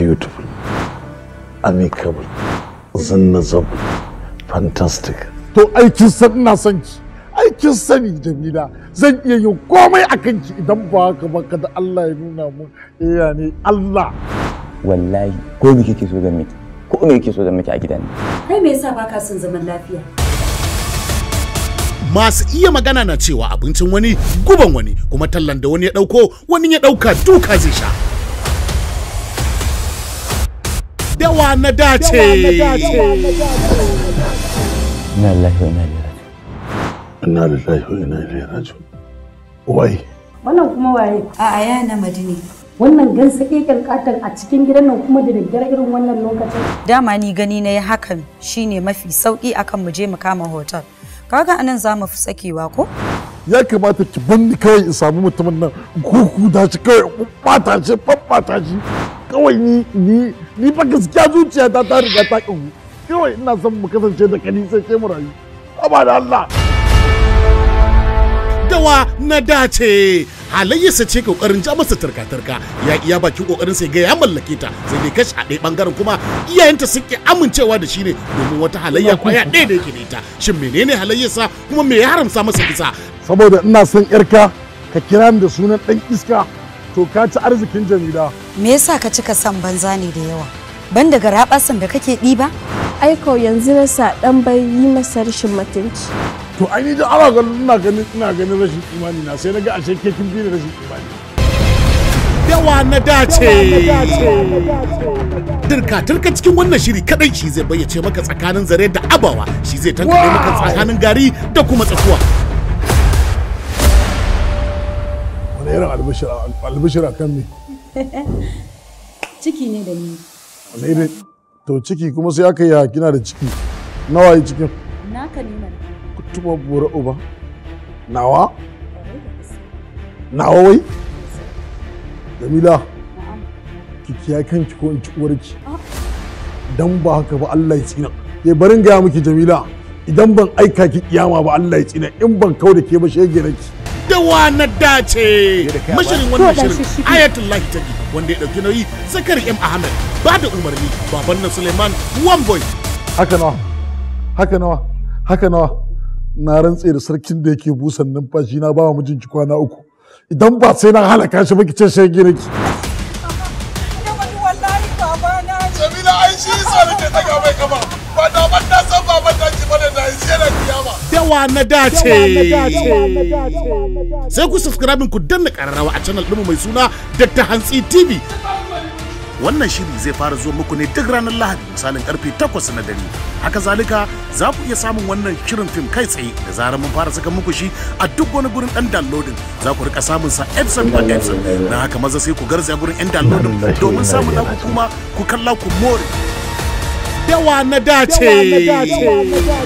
beautiful, amicable, zannazable, fantastic. To aikin san ina son ki, aikin sani Jamila zan iya yin komai a kanki idan ba haka ba kada Allah ya nuna mu iya eh, ne Allah. Wallahi ko me kike so ga miki? Ko me kike so ga miki a gidan? Kai me yasa baka son zaman lafiya? masu iya magana na cewa abincin wani guban wani kuma tallan da wani ya ɗauko wani ya ɗauka duka zai sha dawa na dace inna lillahi wa inna ilaihi raji'un ina lillahi wa inna ilaihi raji'un wai wannan kuma waye a ya na madini wannan gansa keken katon a cikin gidan nan kuma da daddare irin wannan lokacin dama ni gani na yi hakan shine mafi sauki akan mu je mu kama hotel kaga anan za mu fi sakewa ko ya kamata ki banni kawai in samu mutumin nan kuku da shi kawai bata shi babbata shi kawai ni ni ni fa gaskiya zuciya ta ta riga ta kawai ina son mu kasance da kani sai ke mu rayu abada Allah dawa na dace halayyarsa ce kokarin ja masa tarka-tarka ya iya bakin kokarin sai ga ya mallake ta sai dai kashi a ɗaya bangaren kuma iyayenta sun ki amincewa da shi ne domin wata halayya kwaya ɗaya da yake da ita shin menene halayyarsa kuma me ya haramsa masa kisa saboda ina son yarka ka kira ni da sunan dan iska to ka ci arzikin jamila me yasa ka cika son banza ne da yawa ban daga rabasan da kake ɗiba aiko yanzu na sa dan bai yi masa rashin mutunci to ai ni da ana ganin ina ganin ina ganin rashin imani na sai naga ashe ke kin bi rashin imani yawa na dace turka turka cikin wannan shiri kadai shi zai bayyace maka tsakanin zare da abawa shi zai tankare maka tsakanin gari da kuma tsakuwa wani irin albishira albishira kan me ciki ne da ni wani irin to ciki kuma sai aka yi kina da ciki nawa yi cikin naka ne mana kutuma bura uba nawa nawa wai jamila ki kiya kanki ko in ci uwarki ah. dan ba haka ba Allah ya tsina ya eh, barin gaya miki jamila idan ban aika ki kiyama ba Allah ya tsina in ban kau da ke ba shege Da dawa na dace mashirin wannan shirin ayatul lahi tabi wanda ya dauki nauyi zakari m ahmed ba da umarni baban nan suleiman one boy haka nawa haka nawa haka nawa na rantse da sarkin da yake busan numfashi na ba wa mijinki kwana uku idan ba sai na halaka shi ba ki ce sai gire ki Jamila shi ke kama san baban ki da da na dace sai ku subscribe ku danna ƙararrawa a channel ɗinmu mai suna Dr. Hansi TV wannan shiri zai fara zuwa muku ne duk ranar lahadi misalin karfe 8 na dare haka zalika za ku iya samun wannan shirin fim kai tsaye da zarar mun fara saka muku shi a duk wani gurin dan downloading za ku rika samun sa Epson ba Epson na haka maza sai ku garza gurin yan downloading domin samun naku kuma ku kalla ku more dawa na dace